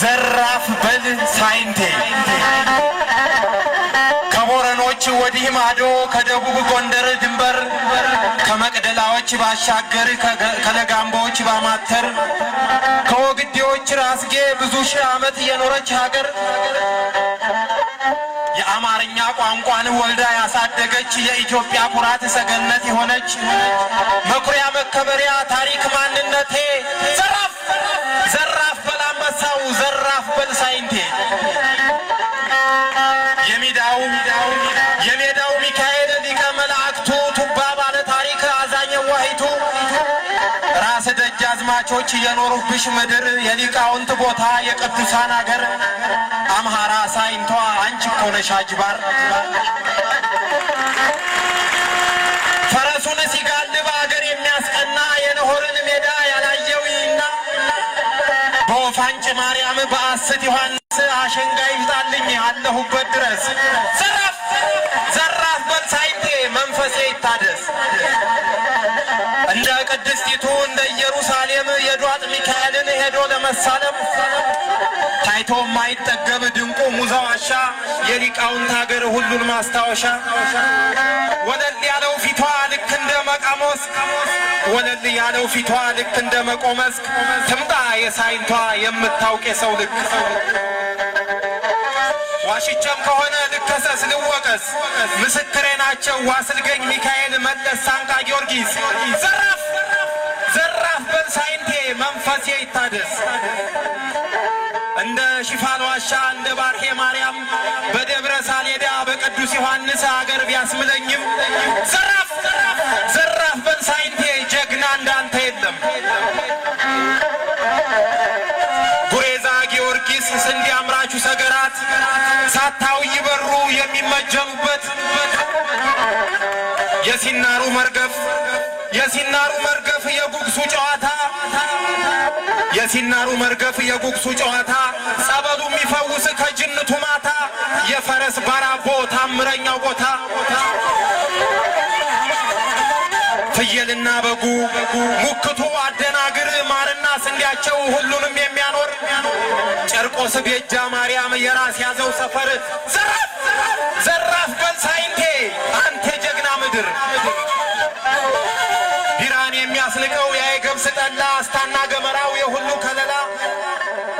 ዘራፍ በል ሳይንቴ ከቦረኖች ወዲህ ማዶ ከደቡብ ጎንደር ድንበር ከመቅደላዎች ባሻገር ከለጋምቦች ባማተር ከወግዴዎች ራስጌ ብዙ ሺህ ዓመት የኖረች ሀገር የአማርኛ ቋንቋን ወልዳ ያሳደገች የኢትዮጵያ ኩራት ሰገነት የሆነች መኩሪያ፣ መከበሪያ፣ ታሪክ፣ ማንነቴ ዘራፍ ዘራፍ በላንበሳው ዘራፍ በልሳይንቴ ሸማቾች የኖሩብሽ ምድር የሊቃውንት ቦታ የቅዱሳን አገር አምሃራ ሳይንቷ አንቺ እኮ ነሽ አጅባር። ፈረሱን ሲጋልብ አገር የሚያስቀና የነሆርን ሜዳ ያላየው ይና በወፋንጭ ማርያም በአስት ዮሐንስ አሸንጋይ ይጣልኝ አለሁበት ድረስ ዘራፍ ዘራፍ መሳለም ታይቶ የማይጠገብ ድንቁ ሙዛ ዋሻ የሊቃውንት ሀገር ሁሉን ማስታወሻ ወለል ያለው ፊቷ ልክ እንደ መቃሞስ ወለል ያለው ፊቷ ልክ እንደ መቆመስ ትምጣ የሳይንቷ የምታውቅ የሰው ልክ ዋሽቸም ከሆነ ልከሰስ ልወቀስ ምስክሬ ናቸው ዋስልገኝ ሚካኤል መለስ ሳንቃ ጊዮርጊስ ዘራፍ ዘራፍ በል ሳይንቲ መንፈሴ ይታደስ። እንደ ሽፋን ዋሻ እንደ ባርሄ ማርያም በደብረ ሳሌዳ በቅዱስ ዮሐንስ አገር ቢያስምለኝም ዘራፍ ዘራፍ በንሳይንቴ ጀግና እንዳንተ የለም። ጉሬዛ ጊዮርጊስ ስንዴ አምራቹ ሰገራት ሳታው ይበሩ የሚመጀኑበት የሲናሩ መርገፍ የሲናሩ መርገፍ የጉግሱ ጨዋታ የሲናሩ መርገፍ የጉግሱ ጨዋታ ጸበሉ የሚፈውስ ከጅንቱ ማታ የፈረስ ባራቦ ታምረኛው ቦታ ፍየልና በጉ ሙክቱ አደናግር ማርና ስንዴያቸው ሁሉንም የሚያኖር ጨርቆስ ቤጃ ማርያም የራስ ያዘው ሰፈር ዘራት የገብስ ጠላ አስታና ገመራው የሁሉ ከለላ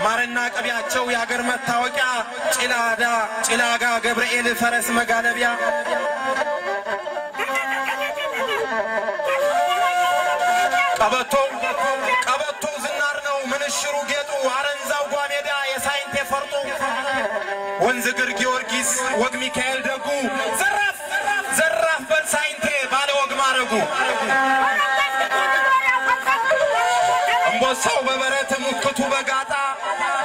ማርና ቅቤያቸው የአገር መታወቂያ ጭላዳ ጭላጋ ገብርኤል ፈረስ መጋለቢያ ቀበቶ ቀበቶ ዝናር ነው ምንሽሩ ጌጡ አረንዛው ጓሜዳ የሳይንቴ ፈርጦ ወንዝ ግር ጊዮርጊስ ወግ ሚካኤል ደጉ ዘራፍ ዘራፍ በል ሳይንቴ ባለ ወግ ማረጉ ሙክቱ በጋጣ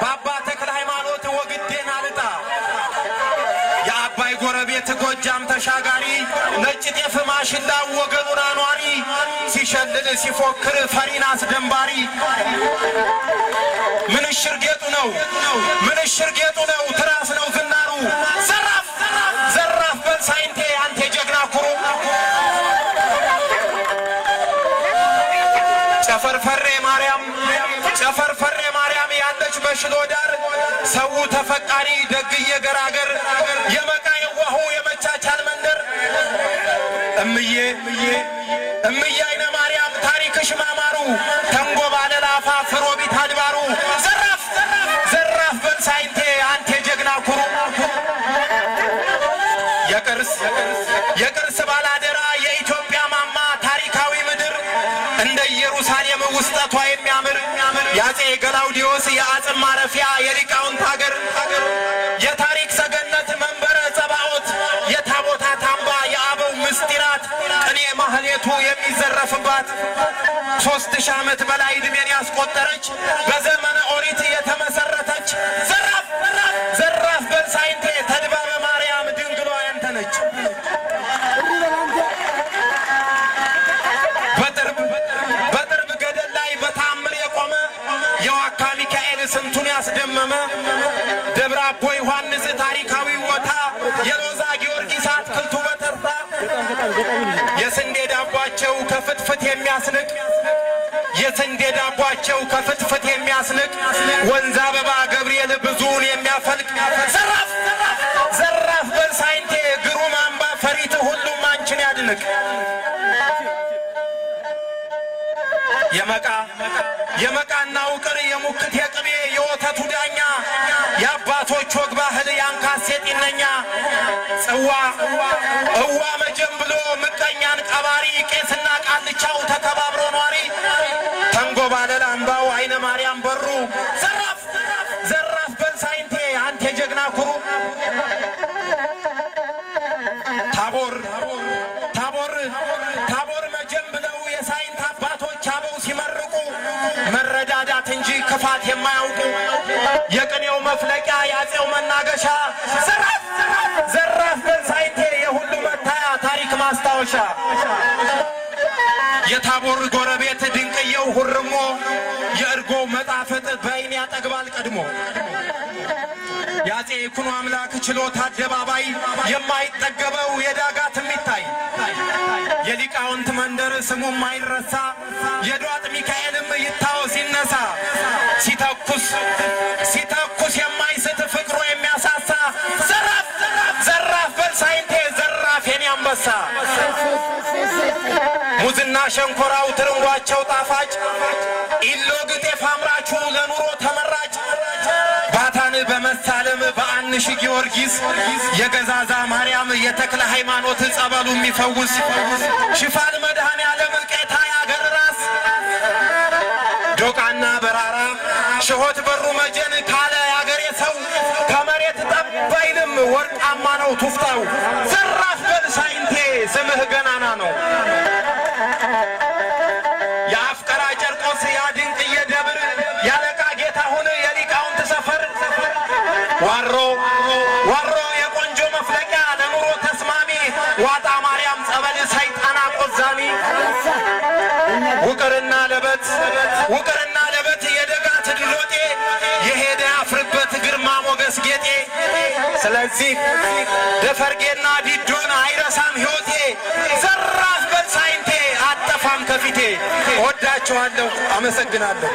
በአባ ተክለ ሃይማኖት ወግዴን አልጣ የአባይ ጎረቤት ጎጃም ተሻጋሪ ነጭ ጤፍ ማሽላ ወገኑን አኗሪ ሲሸልል ሲፎክር ፈሪን አስደንባሪ ምንሽር ጌጡ ነው ምንሽር ጌጡ ነው ትራስ ነው ዝናሩ ከፈርፈሬ ማርያም ያለች በሽሎ ዳር ሰው ተፈቃሪ ደግዬ ገራገር የመቃ የዋሁ የመቻቻል መንደር እምዬ እምዬ አይነ ማርያም ታሪክሽ ማማሩ ተንጎባለል አፋፍ ሮቢት አድባሩ ዘራፍ ዘራፍ በንሳይንቴ ውስጠቷ የሚያምር የአፄ ገላውዲዮስ የአጽም ማረፊያ የሊቃውንት ሀገር የታሪክ ሰገነት መንበረ ጸባዖት የታቦታ ታምባ የአበው ምስጢራት ቅኔ ማህሌቱ የሚዘረፍባት ሶስት ሺህ ዓመት በላይ ዕድሜን ያስቆጠረች በዘመነ ኦሪት የተመሰረተች ደመመ ደብረ አቦ ዮሐንስ ታሪካዊ ቦታ የሎዛ ጊዮርጊስ አትክልቱ በተርታ የስንዴ ዳቧቸው ከፍትፍት የሚያስንቅ የስንዴ ዳቧቸው ከፍትፍት የሚያስንቅ ወንዝ አበባ ገብርኤል ብዙውን የሚያፈልቅ ዘራፍ ዘራፍ በሳይንቴ ግሩም አምባ ፈሪት ሁሉም አንችን ያድንቅ የመቃ የመቃና ውቅር የሙክት የቅቤ የወተቱ ዳኛ የአባቶች ወግ ባህል የአንካሴ ጢነኛ ጽዋ እዋ መጀም ብሎ ምቀኛን ቀባሪ ቄስና ቃልቻው ተተ መረዳዳት እንጂ ክፋት የማያውቁ የቅኔው መፍለቂያ የአፄው መናገሻ ዘራፍ ዘራፍ በሳይቴ የሁሉ መታያ ታሪክ ማስታወሻ የታቦር ጎረቤት ድንቅየው ሁርሞ የእርጎ መጣፈጥ በአይን ያጠግባል ቀድሞ የአፄ ይኩኖ አምላክ ችሎት አደባባይ የማይጠገበው የዳጋት የሚታይ የሊቃውንት መንደር ስሙም አይረሳ፣ የዷጥ ሚካኤልም ይታው ሲነሳ ሲተኩስ ሲተኩስ የማይስት ፍቅሩ የሚያሳሳ ዘራፍ ዘራፍ በል ሳይንቴ ዘራፍ የኔ አንበሳ ሙዝና ሸንኮራው ትርንጓቸው ጣፋጭ ኢሎ ግጤፍ ለኑሮ ሽ ጊዮርጊስ የገዛዛ ማርያም የተክለ ሃይማኖት ጸበሉ የሚፈውስ ሽፋን መድኃኔ ዓለም ቄታ ያገር ራስ ዶቃና በራራ ሽሆት በሩ መጀን ካለ ያገሬ ሰው ከመሬት ጠባይልም ወርቃማ ነው ቱፍታው ውቅርና ለበት የደጋት ድሎጤ የሄደ አፍርበት ግርማ ሞገስ ጌጤ ስለዚህ ደፈርጌና ዲዶን አይረሳም ሕይወቴ ዘራፍ በሳይንቴ አጠፋም ከፊቴ እወዳችኋለሁ፣ አመሰግናለሁ።